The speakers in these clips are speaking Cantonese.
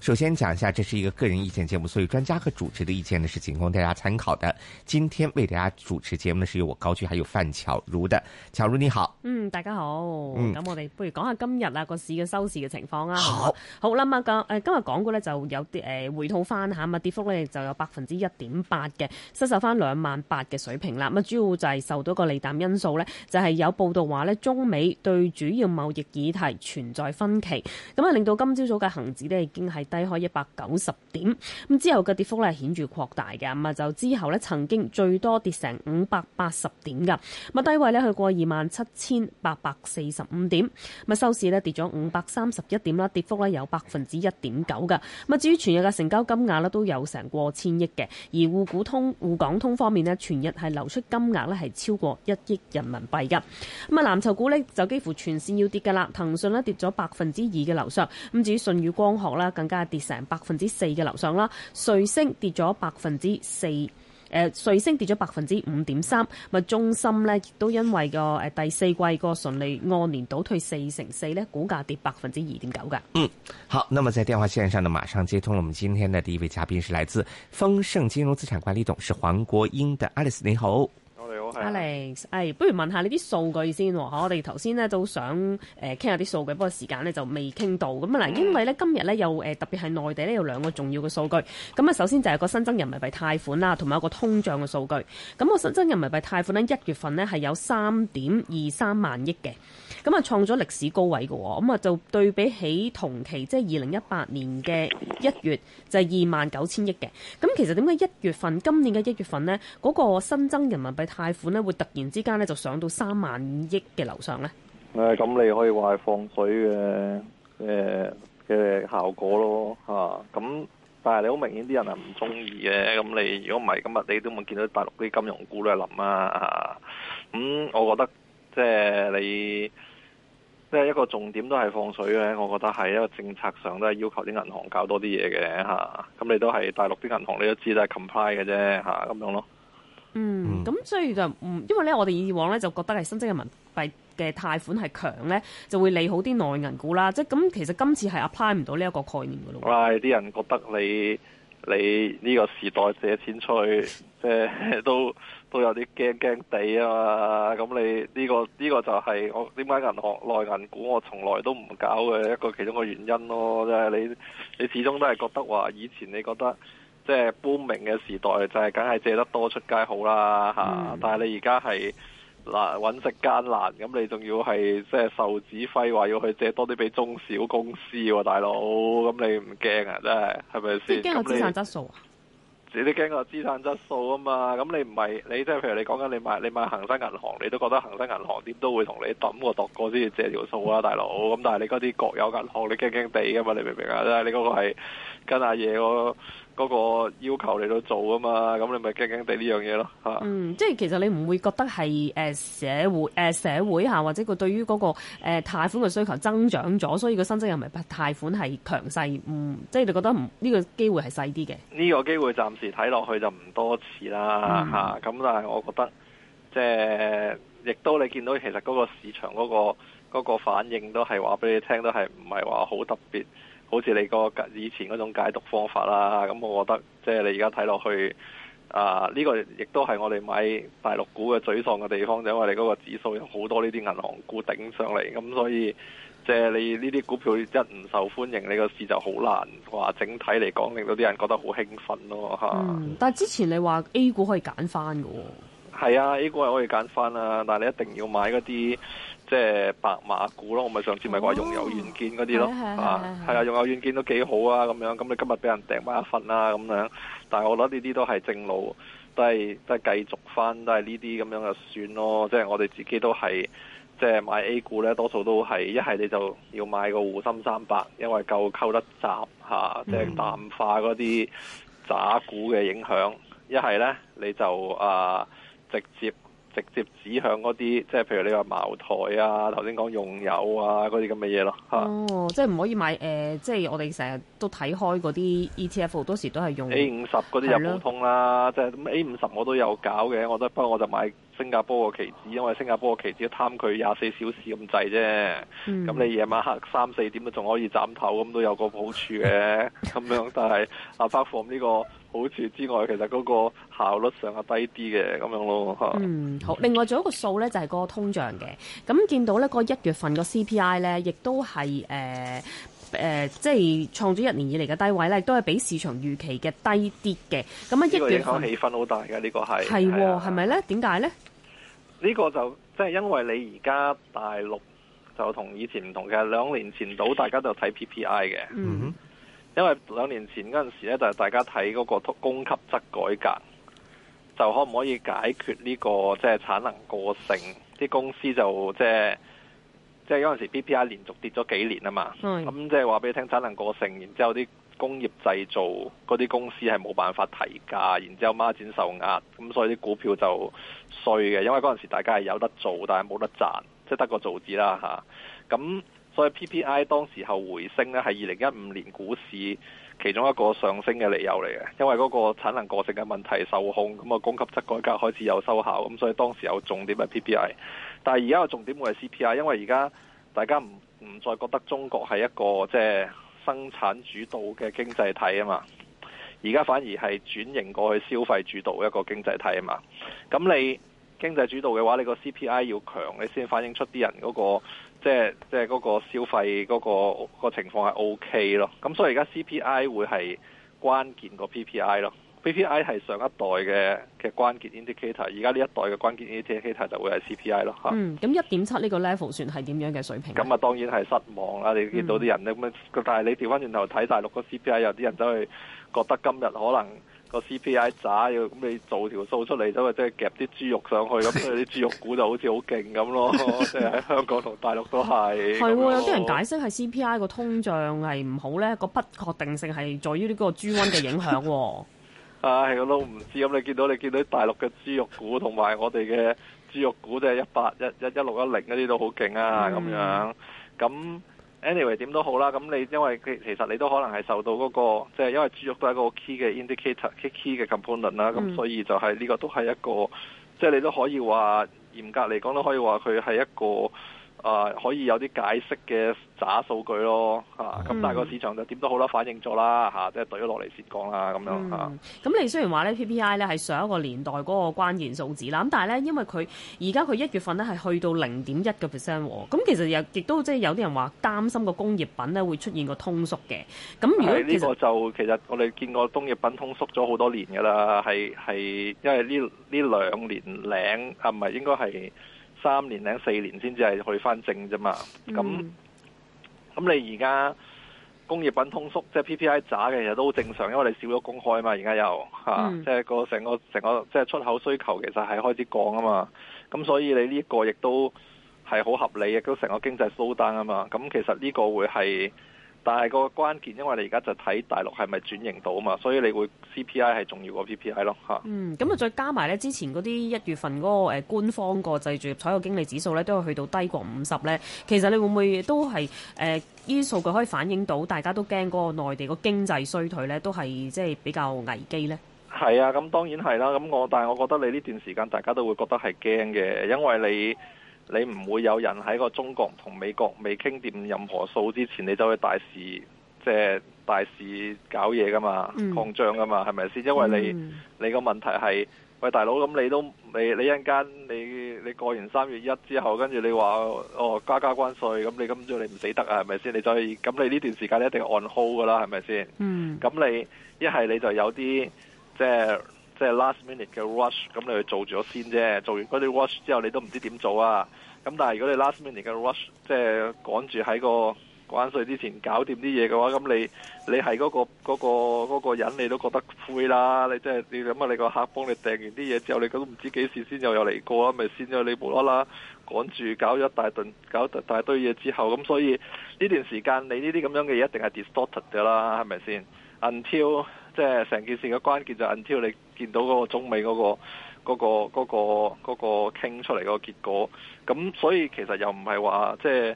首先講一下，這是一個個人意見節目，所以專家和主持的意見呢是僅供大家參考的。今天為大家主持節目呢，是由我高居，還有范巧如的。巧如你好，嗯，大家好。嗯，咁我哋不如講下今日啊個市嘅收市嘅情況啊。好，好啦，咁、呃、今日港股呢，就有啲誒、呃、回吐翻下啊跌幅呢，就有百分之一點八嘅，失守翻兩萬八嘅水平啦。咁啊主要就係受到一個利淡因素呢，就係、是、有報道話呢，中美對主要貿易議題存在分歧，咁啊令到今朝早嘅恒指呢，已經係。低開一百九十點，咁之後嘅跌幅咧係顯著擴大嘅，咁啊就之後咧曾經最多跌成五百八十點噶，咁啊低位咧去過二萬七千八百四十五點，咁啊收市咧跌咗五百三十一點啦，跌幅咧有百分之一點九嘅，咁啊至於全日嘅成交金額咧都有成過千億嘅，而滬股通、滬港通方面咧全日係流出金額咧係超過一億人民幣嘅，咁啊藍籌股咧就幾乎全線要跌嘅啦，騰訊咧跌咗百分之二嘅流上，咁至於舜宇光學啦更加。跌成百分之四嘅樓上啦，瑞聲跌咗百分之四，誒，瑞聲跌咗百分之五點三，咪中芯呢亦都因為個誒第四季個盈利按年倒退四成四呢股價跌百分之二點九噶。嗯，好，那麼在電話線上呢，馬上接通我們今天嘅第一位嘉賓是來自豐盛金融資產管理董事黃國英的 Alice，你好。Alex，哎、不如問下你啲數據先喎，哦、我哋頭先呢都想誒傾下啲數據，不過時間呢就未傾到咁啊嗱，因為呢今日呢有，呃、特別係內地呢有兩個重要嘅數據，咁啊首先就係個新增人民幣貸款啦，同埋一個通脹嘅數據。咁個新增人民幣貸款呢，一月份呢係有三點二三萬億嘅，咁啊創咗歷史高位嘅喎，咁啊就對比起同期即係二零一八年嘅一月就係二萬九千億嘅。咁其實點解一月份今年嘅一月份呢，嗰個新增人民幣貸款咧會突然之間咧就上到三萬億嘅樓上咧？誒、嗯，咁你可以話係放水嘅誒嘅效果咯嚇。咁、啊、但係你好明顯啲人係唔中意嘅。咁你如果唔係今日你都冇見到大陸啲金融股咧冧啊嚇。咁、嗯、我覺得即係、呃、你即係、呃、一個重點都係放水嘅。我覺得係一個政策上都係要求啲銀行搞多啲嘢嘅嚇。咁、啊、你都係大陸啲銀行，你都知道都係 comply 嘅啫嚇咁樣咯。嗯，咁、嗯、所以就唔、是，因為咧，我哋以往咧就覺得係新增嘅民幣嘅貸款係強咧，就會利好啲內銀股啦。即係咁，其實今次係 apply 唔到呢一個概念噶咯。哇！啲人覺得你你呢個時代借錢出去，即、就、係、是、都都有啲驚驚地啊！咁你呢、這個呢、這個就係我點解銀行內銀股我從來都唔搞嘅一個其中嘅原因咯、啊。即、就、係、是、你你始終都係覺得話以前你覺得。即係搬名嘅時代就係梗係借得多出街好啦吓、嗯，但係你而家係嗱揾食艱難，咁你仲要係即係受指揮，話要去借多啲俾中小公司喎、啊，大佬，咁你唔驚啊？真係係咪先？你驚個資產質素啊？你啲驚個資產質素啊嘛？咁你唔係你即係譬如你講緊你買你買恒生銀行，你都覺得恒生銀行點都會同你抌過踱過先借條數啊，大佬。咁但係你嗰啲國有銀行，你驚驚地噶嘛？你明唔明啊？即係你嗰個係跟下嘢嗰、那個要求你都做啊嘛，咁你咪驚驚地呢樣嘢囉。嗯，即係其實你唔會覺得係社會社會嚇，或者佢對於嗰個誒貸款嘅需求增長咗，所以個新增人民幣貸款係強勢，嗯，即係你覺得唔呢個機會係細啲嘅。呢、這個機會暫時睇落去就唔多似啦嚇，咁，嗯啊，但係我覺得即係亦都你見到其實嗰個市場嗰、那個。嗰、那個反應都係話俾你聽，都係唔係話好特別，好似你個以前嗰種解讀方法啦。咁我覺得即係、就是、你而家睇落去啊，呢、這個亦都係我哋買大陸股嘅沮喪嘅地方，就因為你嗰個指數有好多呢啲銀行股頂上嚟，咁所以即係、就是、你呢啲股票一唔受歡迎，你個市就好難話整體嚟講令到啲人覺得好興奮咯嚇、嗯。但係之前你話 A 股可以揀翻嘅喎，係啊，A 股係可以揀翻啊，但係你一定要買嗰啲。即、就、係、是、白馬股咯，我咪上次咪話用友軟件嗰啲咯，係、哦、啊，用友軟件都幾好啊咁樣。咁你今日俾人訂翻一份啦、啊、咁樣。但係我覺得呢啲都係正路，都係即係繼續翻，都係呢啲咁樣就算咯。即、就、係、是、我哋自己都係即係買 A 股咧，多數都係一係你就要買個滬深三百，因為夠溝得雜吓即係淡化嗰啲渣股嘅影響。一係咧你就啊、呃、直接。直接指向嗰啲，即係譬如你話茅台啊，頭先講用友啊，嗰啲咁嘅嘢咯嚇。哦，啊、即係唔可以買誒、呃，即係我哋成日都睇開嗰啲 ETF，多時都係用 A 五十嗰啲又普通啦，即係 A 五十我都有搞嘅，我覺得不過我就買新加坡個期指，因為新加坡個期指貪佢廿四小時咁滯啫，咁、嗯、你夜晚黑三四點都仲可以斬頭，咁都有個好處嘅，咁 樣但係啊，包括呢、呢個。好似之外，其實嗰個效率上係低啲嘅咁樣咯。嗯，好。另外仲有一個數咧，就係嗰個通脹嘅。咁見到咧個一月份個 CPI 咧，亦都係誒即係創咗一年以嚟嘅低位咧，都係比市場預期嘅低啲嘅。咁啊，一月份氣氛好大嘅，呢個、是是是是是呢個係係喎，係咪咧？點解咧？呢個就即係、就是、因為你而家大陸就同以前唔同嘅，兩年前到大家都睇 PPI 嘅。嗯。因為兩年前嗰陣時咧，就係大家睇嗰個供給側改革，就可唔可以解決呢、這個即係、就是、產能過剩？啲公司就即係即係嗰陣時 PPI 連續跌咗幾年啊嘛，咁即係話俾你聽產能過剩，然之後啲工業製造嗰啲公司係冇辦法提價，然之後孖展受壓，咁所以啲股票就衰嘅。因為嗰陣時大家係有得做，但係冇得賺，即、就、係、是、得個做字啦吓，咁、啊。那所以 PPI 當時候回升咧，係二零一五年股市其中一個上升嘅理由嚟嘅，因為嗰個產能過剩嘅問題受控，咁啊供給側改革開始有收效，咁所以當時有重點係 PPI，但係而家個重點會係 CPI，因為而家大家唔唔再覺得中國係一個即係生產主導嘅經濟體啊嘛，而家反而係轉型過去消費主導嘅一個經濟體啊嘛，咁你。經濟主導嘅話，你個 CPI 要強，你先反映出啲人嗰個即係即係嗰個消費嗰個個情況係 OK 咯。咁所以而家 CPI 會係關鍵個 PPI 咯。PPI 係上一代嘅嘅關鍵 indicator，而家呢一代嘅關鍵 indicator 就會係 CPI 咯。嗯，咁一點七呢個 level 算係點樣嘅水平？咁啊，當然係失望啦。你見到啲人咧咁、嗯、但係你調翻轉頭睇大陸個 CPI，有啲人走去覺得今日可能。個 CPI 渣要，咁你做條數出嚟，咁咪即係夾啲豬肉上去，咁啲豬肉股就好似好勁咁咯。即係喺香港同大陸都係。係 喎，有啲人解釋係 CPI 個通脹係唔好咧，個不確定性係在於呢個豬瘟嘅影響。啊 、哎，我都唔知。咁你見到你見到大陸嘅豬肉股同埋我哋嘅豬肉股，即係一八、一、嗯、一、一六、一零嗰啲都好勁啊，咁樣咁。Anyway, 點都好啦，咁你因為其其實你都可能係受到嗰、那個，即、就、係、是、因為豬肉都係一個 key 嘅 indicator，key key 嘅 component 啦、嗯，咁所以就係呢個都係一個，即、就、係、是、你都可以話嚴格嚟講都可以話佢係一個。啊，可以有啲解釋嘅渣數據咯，咁但係個市場、嗯啊、就點都好啦，反映咗啦，即係懟咗落嚟先講啦，咁樣，咁你雖然話咧 PPI 咧係上一個年代嗰個關鍵數字啦，咁但係咧因為佢而家佢一月份咧係去到零點一個 percent，咁其實又亦都即係有啲人話擔心個工業品咧會出現個通縮嘅。咁如果呢個就其實我哋見過工業品通縮咗好多年噶啦，係係因為呢呢兩年領唔係應該係。三年零四年先至係去翻正啫嘛，咁、嗯、咁你而家工業品通縮，即、就、係、是、PPI 渣嘅，其實都正常，因為你少咗公開嘛，而家又嚇，即、嗯、係、啊就是、個成個成個即、就是、出口需求其實係開始降啊嘛，咁所以你呢個亦都係好合理，亦都成個經濟 slow down 啊嘛，咁其實呢個會係。但係個關鍵，因為你而家就睇大陸係咪轉型到啊嘛，所以你會 CPI 係重要過 PPI 咯嚇。嗯，咁啊再加埋咧，之前嗰啲一月份嗰、嗰個、呃、官方個製造業採購經理指數咧，都會去到低過五十咧。其實你會唔會都係誒呢啲數據可以反映到大家都驚嗰個內地個經濟衰退咧，都係即係比較危機咧？係啊，咁當然係啦。咁我但係我覺得你呢段時間大家都會覺得係驚嘅，因為你。你唔會有人喺個中國同美國未傾掂任何數之前，你就去大肆即係大肆搞嘢噶嘛？Mm. 擴張噶嘛？係咪先？因為你你個問題係，喂大佬咁你都你你一間你你過完三月一之後，跟住你話哦加加關稅，咁你今朝你唔死得啊？係咪先？你去，咁你呢段時間你一定按 hold 噶啦，係咪先？嗯、mm.，咁你一係你就有啲即係，就是即係 last minute 嘅 rush，咁你去做咗先啫。做完嗰啲 rush 之後，你都唔知點做啊。咁但係如果你 last minute 嘅 rush，即係趕住喺個關稅之前搞掂啲嘢嘅話，咁你你係嗰個嗰個嗰個人，你都覺得灰啦。你即係你諗下，你個客幫你訂完啲嘢之後，你都唔知幾時先又又嚟過啊，咪先咗你無啦啦趕住搞咗大頓搞大堆嘢之後，咁所以呢段時間你呢啲咁樣嘅嘢一定係 distorted 㗎啦，係咪先？Until 即係成件事嘅關鍵就係 until 你見到嗰個中美嗰個嗰個嗰個嗰個傾出嚟個結果，咁所以其實又唔係話即係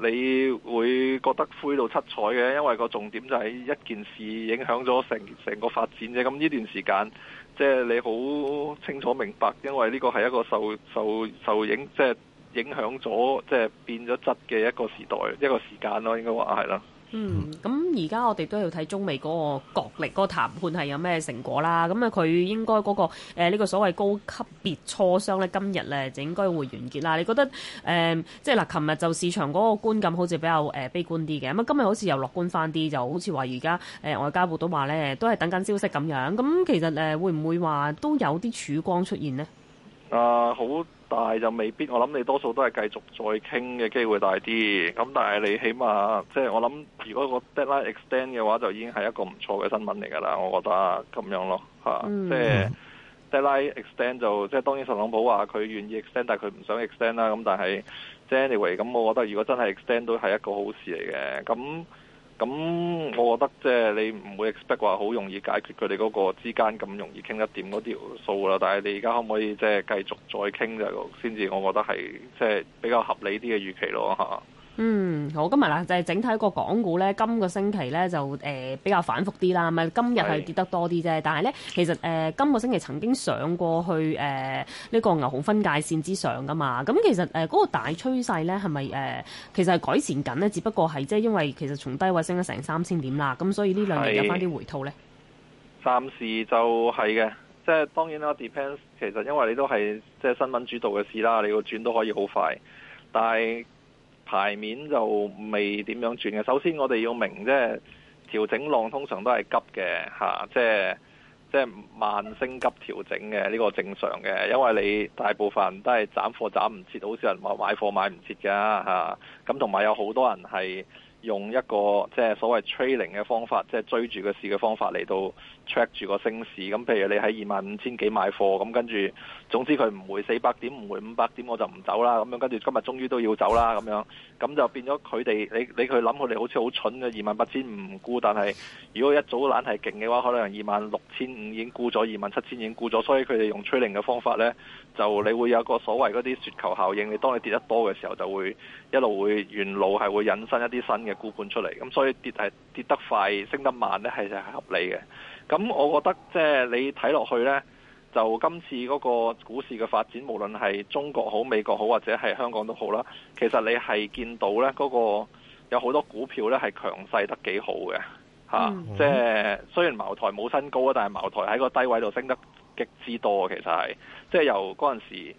你會覺得灰到七彩嘅，因為個重點就係一件事影響咗成成個發展啫。咁呢段時間即係你好清楚明白，因為呢個係一個受受受影即係影響咗，即係變咗質嘅一個時代一個時間咯，應該話係啦。嗯，咁而家我哋都要睇中美嗰個角力嗰、那個談判係有咩成果啦。咁啊，佢應該嗰、那個呢、呃這個所謂高級別磋商咧，今日咧就應該會完結啦。你覺得誒、呃，即係嗱，琴、呃、日、呃、就市場嗰個觀感好似比較誒、呃、悲觀啲嘅，咁啊今日好似又樂觀翻啲，就好似話而家誒外交部都話咧，都係等緊消息咁樣。咁其實誒，會唔會話都有啲曙光出現呢？啊，好大就未必，我諗你多數都係繼續再傾嘅機會大啲，咁但係你起碼即係、就是、我諗，如果個 deadline extend 嘅話，就已經係一個唔錯嘅新聞嚟噶啦，我覺得咁樣咯，吓，即係 deadline extend 就即係、就是、當然，特朗普話佢願意 extend，但係佢唔想 extend 啦，咁但係即 anyway 咁，我覺得如果真係 extend 都係一個好事嚟嘅，咁。咁、嗯、我覺得即係你唔會 expect 話好容易解決佢哋嗰個之間咁容易傾得掂嗰條數啦。但係你而家可唔可以即係繼續再傾就先至？我覺得係即係比較合理啲嘅預期咯嚇嗯，好，今日啦，就係整體個港股咧，今個星期咧就、呃、比較反覆啲啦。咁啊，今日係跌得多啲啫。但係咧，其實呃今個星期曾經上過去呃呢個牛熊分界線之上噶嘛。咁其實呃嗰個大趨勢咧係咪呃其實係改善緊咧？只不過係即係因為其實從低位升咗成三千點啦。咁所以呢兩日有翻啲回吐咧。暫時就係嘅，即係當然啦 depends。其實因為你都係即係新聞主導嘅事啦，你個轉都可以好快，但係。牌面就未點樣轉嘅。首先我哋要明即係調整浪通常都係急嘅吓，即係即係慢升急調整嘅呢個正常嘅，因為你大部分都係斬貨斬唔切，好少人話買貨買唔切噶吓，咁同埋有好多人係。用一個即係所謂 trading 嘅方法，即係追住個市嘅方法嚟到 track 住個升市。咁譬如你喺二萬五千幾買貨，咁跟住總之佢唔回四百點，唔回五百點，我就唔走啦。咁樣跟住今日終於都要走啦。咁樣咁就變咗佢哋，你你去諗佢哋好似好蠢嘅，二萬八千五唔沽，但係如果一早懶係勁嘅話，可能二萬六千五已經沽咗，二萬七千已經沽咗。所以佢哋用 trading 嘅方法呢，就你會有個所謂嗰啲雪球效應。你當你跌得多嘅時候，就會一路會沿路係會引申一啲新嘅沽盤出嚟，咁所以跌係跌得快，升得慢呢，其實係合理嘅。咁我覺得即係你睇落去呢，就今次嗰個股市嘅發展，無論係中國好、美國好，或者係香港都好啦，其實你係見到呢、那、嗰個有好多股票呢，係強勢得幾好嘅吓。即係、嗯、雖然茅台冇新高啊，但係茅台喺個低位度升得極之多，其實係即係由嗰陣時。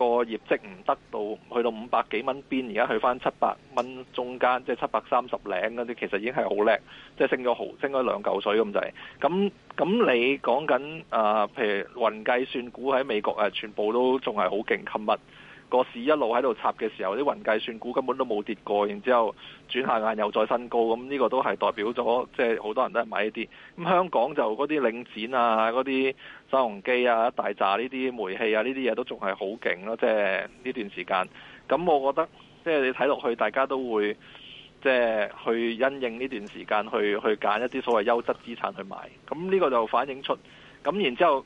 個業績唔得到，去到五百幾蚊邊，而家去翻七百蚊中間，即係七百三十零嗰啲，其實已經係好叻，即、就、係、是、升咗毫升咗兩嚿水咁滯、就是。咁咁你講緊啊、呃，譬如雲計算股喺美國全部都仲係好勁。琴日個市一路喺度插嘅時候，啲雲計算股根本都冇跌過，然之後轉下眼又再新高，咁呢個都係代表咗即係好多人都係買呢啲。咁香港就嗰啲領展啊、嗰啲。收容機啊、一大炸呢啲、煤氣啊呢啲嘢都仲係好勁咯，即係呢段時間。咁我覺得即係、就是、你睇落去，大家都會即係、就是、去因應呢段時間去，去去揀一啲所謂優質資產去買。咁呢個就反映出咁，然之後，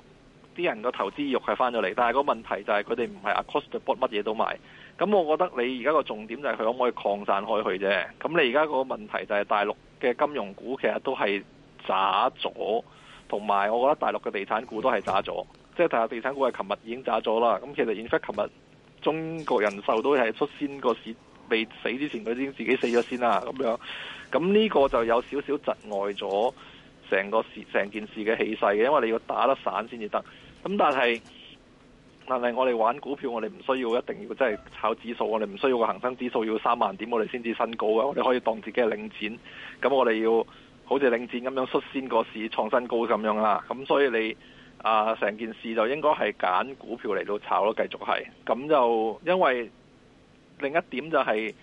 啲人個投資欲係翻咗嚟。但係個問題就係佢哋唔係 across the board 乜嘢都買。咁我覺得你而家個重點就係佢可唔可以擴散開去啫。咁你而家個問題就係大陸嘅金融股其實都係渣咗。同埋，我覺得大陸嘅地產股都係炸咗，即係大陸地產股係琴日已經炸咗啦。咁其實顯出琴日中國人壽都係出先個市，未死之前佢已經自己死咗先啦。咁樣，咁呢個就有少少窒礙咗成個事、成件事嘅氣勢嘅，因為你要打得散先至得。咁但係，但係我哋玩股票，我哋唔需要一定要真係炒指數，我哋唔需要個恒生指數要三萬點我，我哋先至新高啊！我哋可以當自己係領展，咁我哋要。好似領展咁樣率先個市創新高咁樣啦，咁所以你啊，成件事就應該係揀股票嚟到炒咯，繼續係咁就，因為另一點就係、是、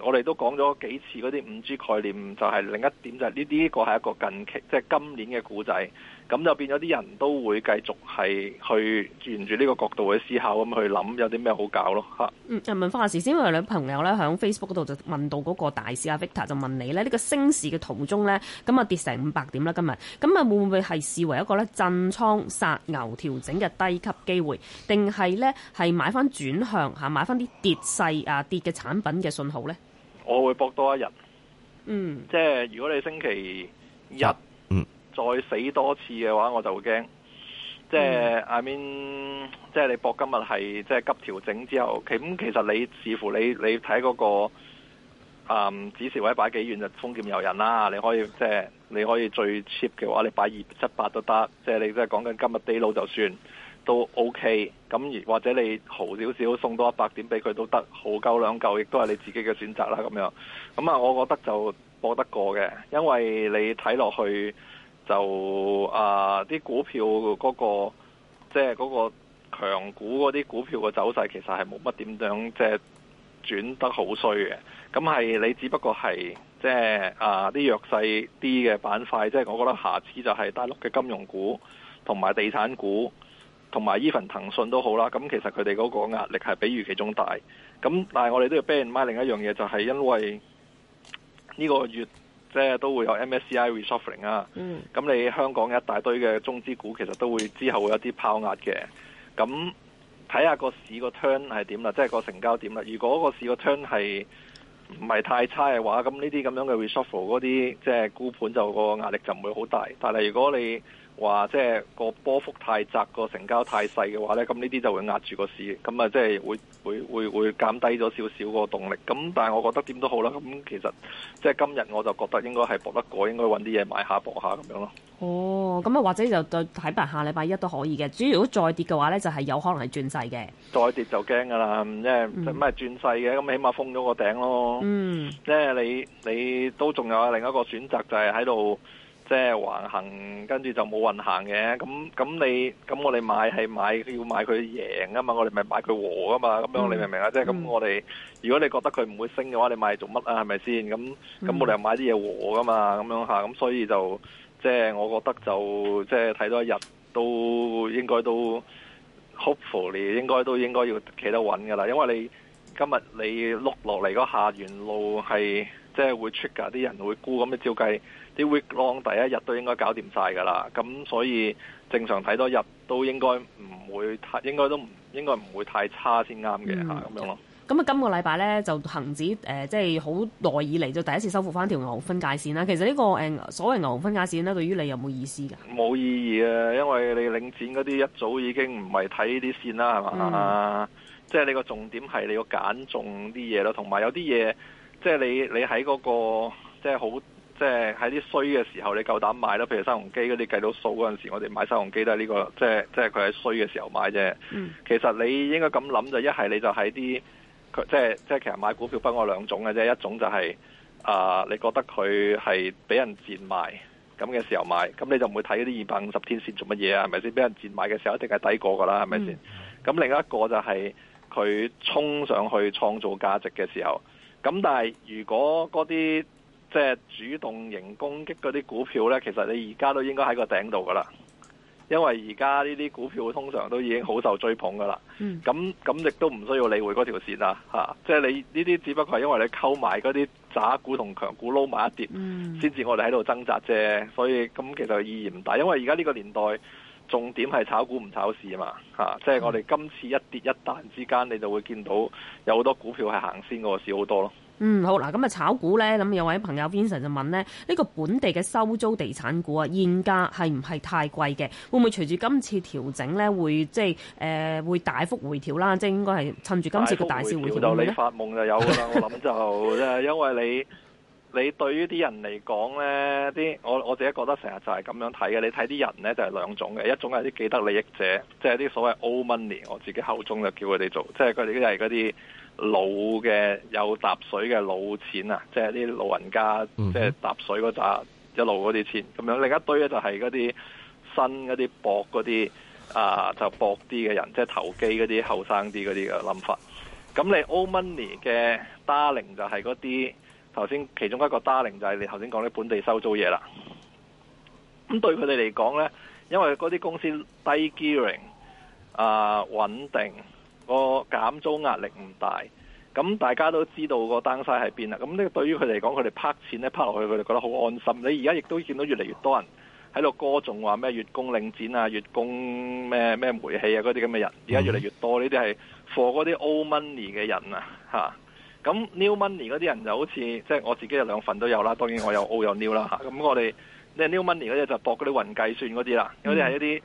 我哋都講咗幾次嗰啲五 G 概念，就係、是、另一點就係呢啲個係一個近期即係、就是、今年嘅故仔。咁就變咗啲人都會繼續係去沿住呢個角度思去思考，咁去諗有啲咩好搞咯嚇。嗯，又問返下時先，我嘅朋友咧喺 Facebook 嗰度就問到嗰個大師啊 Victor 就問你咧，呢個升市嘅途中咧，咁啊跌成五百點啦今日，咁啊會唔會係視為一個咧震倉殺牛調整嘅低級機會，定係咧係買翻轉向嚇買翻啲跌勢啊跌嘅產品嘅信號咧？我會博多一日，嗯，即係如果你星期日……嗯。嗯嗯嗯再死多次嘅話，我就會驚。即係阿 Min，即係你搏今日係即係急調整之後 OK 咁其實你似乎你你睇嗰、那個、嗯、指示位擺幾遠就豐儉由人啦。你可以即係你可以最 cheap 嘅話，你擺二七八都得。即係你即係講緊今日 day low 就算都 OK。咁而或者你豪少少送多一百點俾佢都得，好夠兩嚿，亦都係你自己嘅選擇啦。咁樣咁啊，那我覺得就搏得過嘅，因為你睇落去。就啊，啲股票嗰個即係嗰個強股嗰啲股票嘅走勢其實係冇乜點樣，即係轉得好衰嘅。咁係你只不過係即係啊啲弱勢啲嘅板塊，即係我覺得瑕疵就係大陸嘅金融股同埋地產股同埋 even 騰訊都好啦。咁其實佢哋嗰個壓力係比預期中大。咁但係我哋都要 bear in mind 另一樣嘢，就係因為呢個月。即係都會有 MSCI re-shuffling 啊，咁你香港一大堆嘅中資股其實都會之後會有啲拋壓嘅，咁睇下個市個 turn 係點啦，即係個成交點啦。如果個市個 turn 係唔係太差嘅話，咁呢啲咁樣嘅 re-shuffle 嗰啲即係沽盤就個壓力就唔會好大。但係如果你，話即係個波幅太窄，個成交太細嘅話咧，咁呢啲就會壓住個市，咁啊即係會會會會減低咗少少個動力。咁但係我覺得點都好啦。咁其實即係今日我就覺得應該係搏得過，應該搵啲嘢買下搏下咁樣咯。哦，咁啊或者就睇埋下禮拜一都可以嘅。主要如果再跌嘅話咧，就係、係、有可能係轉勢嘅。再跌就驚㗎啦，即係咩轉勢嘅，咁起碼封咗個頂咯。嗯，即、yeah, 係你你都仲有另一個選擇，就係喺度。即係橫行，跟住就冇運行嘅。咁咁你咁我哋買係買要買佢贏啊嘛，我哋咪買佢和啊嘛。咁樣你明唔明啊？即係咁我哋，如果你覺得佢唔會升嘅話，你買做乜啊？係咪先？咁咁我哋又買啲嘢和噶嘛。咁樣嚇，咁所以就即係我覺得就即係睇多一日都應該都 hopefully 應該都應該要企得穩噶啦。因為你今日你碌落嚟嗰下沿路係即係會出㗎，啲人會估咁樣照計。啲 weeklong 第一日都應該搞掂晒㗎啦，咁所以正常睇多日都應該唔會太，應該都應該唔會太差先啱嘅嚇，咁樣咯。咁、嗯、啊，今個禮拜咧就恆指，誒、呃，即係好耐以嚟就第一次收復翻條牛分界線啦。其實呢、這個誒、呃、所謂牛分界線咧，對於你有冇意思㗎？冇意義啊，因為你領展嗰啲一早已經唔係睇呢啲線啦，係嘛？即、嗯、係、啊就是、你個重點係你要揀中啲嘢咯，同埋有啲嘢即係你你喺嗰個即係好。即係喺啲衰嘅時候，你夠膽買啦。譬如新鴻基嗰啲計到數嗰陣時，我哋買新鴻基都係呢個。即係即係佢喺衰嘅時候買啫。其實你應該咁諗就一係你就喺啲，即係即係其實買股票分我兩種嘅啫。一種就係啊，你覺得佢係俾人賤賣咁嘅時候買，咁你就唔會睇嗰啲二百五十天線做乜嘢啊？係咪先？俾人賤賣嘅時候一定係低過噶啦，係咪先？咁另一個就係佢衝上去創造價值嘅時候。咁但係如果嗰啲即、就、係、是、主動型攻擊嗰啲股票呢，其實你而家都應該喺個頂度噶啦，因為而家呢啲股票通常都已經好受追捧噶啦。咁咁亦都唔需要理會嗰條線啦吓，即、啊、係、就是、你呢啲只不過係因為你溝埋嗰啲渣股同強股撈埋一碟，先、嗯、至我哋喺度掙扎啫。所以咁其實意義唔大，因為而家呢個年代重點係炒股唔炒市嘛，吓、啊，即、就、係、是、我哋今次一跌一彈之間，你就會見到有好多股票係行先過市好多咯。嗯，好嗱，咁啊，炒股咧，咁有位朋友 Vincent 就問咧，呢、這個本地嘅收租地產股啊，現價係唔係太貴嘅？會唔會隨住今次調整咧，會即係誒、呃、會大幅回調啦？即係應該係趁住今次個大市回調，回調你發夢就有噶啦， 我諗就誒，因為你你對於啲人嚟講咧，啲我我自己覺得成日就係咁樣睇嘅。你睇啲人咧就係、是、兩種嘅，一種係啲既得利益者，即係啲所謂 old Money，我自己口中就叫佢哋做，即係佢哋都係嗰啲。老嘅有搭水嘅老錢啊，即係啲老人家，嗯、即係搭水嗰扎一路嗰啲錢咁樣。另一堆咧就係嗰啲新嗰啲薄嗰啲啊，就薄啲嘅人，即係投機嗰啲後生啲嗰啲嘅諗法。咁你 Old Money 嘅 Darling 就係嗰啲頭先，其中一個 Darling 就係你頭先講啲本地收租嘢啦。咁對佢哋嚟講咧，因為嗰啲公司低 gearing 啊、呃、穩定。個減租壓力唔大，咁大家都知道個 downside 喺邊啦。咁呢，對於佢嚟講，佢哋拍錢咧拍落去，佢哋覺得好安心。你而家亦都見到越嚟越多人喺度歌頌話咩月供領展啊，月供咩咩煤氣啊嗰啲咁嘅人，而家越嚟越多。呢啲係 for 嗰啲 old money 嘅人啊，嚇、啊。咁 new money 嗰啲人就好似即係我自己有兩份都有啦，當然我有 old 有 new 啦。嚇、啊，咁我哋咧 new money 嗰啲就博嗰啲雲計算嗰啲啦，有啲係一啲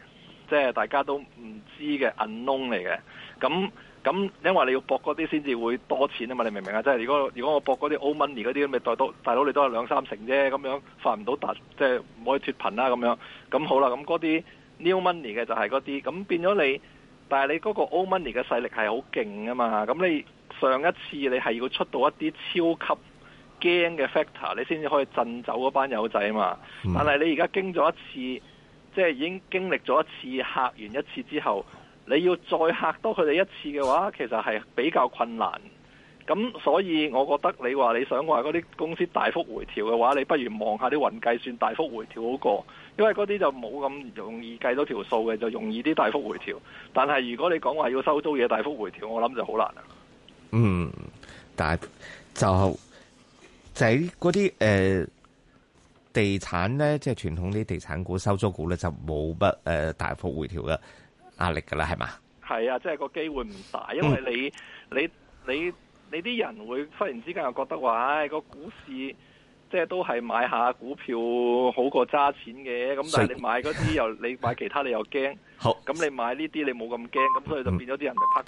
即係大家都唔知嘅 unknown 嚟嘅。咁咁，因為你要博嗰啲先至會多錢啊嘛，你明唔明啊？即係如果如果我博嗰啲 old money 嗰啲，咪代多大佬你都係兩三成啫，咁樣發唔到達，即係唔可以脫貧啦咁樣。咁好啦，咁嗰啲 new money 嘅就係嗰啲，咁變咗你，但係你嗰個 old money 嘅勢力係好勁啊嘛。咁你上一次你係要出到一啲超級驚嘅 factor，你先至可以震走嗰班友仔啊嘛。嗯、但係你而家經咗一次，即係已經經歷咗一次嚇完一次之後。你要再嚇多佢哋一次嘅話，其實係比較困難。咁所以，我覺得你話你想話嗰啲公司大幅回調嘅話，你不如望下啲雲計算大幅回調好過，因為嗰啲就冇咁容易計到條數嘅，就容易啲大幅回調。但係如果你講話要收租嘢大幅回調，我諗就好難啦。嗯，但係就就喺嗰啲地產呢，即係傳統啲地產股、收租股呢，就冇乜大幅回調嘅。壓力噶啦，係嘛？係啊，即係個機會唔大，因為你你你你啲人會忽然之間又覺得話，唉，個股市即係都係買下股票好過揸錢嘅。咁但係你買嗰啲又你買其他你又驚， 好，咁你買呢啲你冇咁驚，咁所以就變咗啲人咪拍。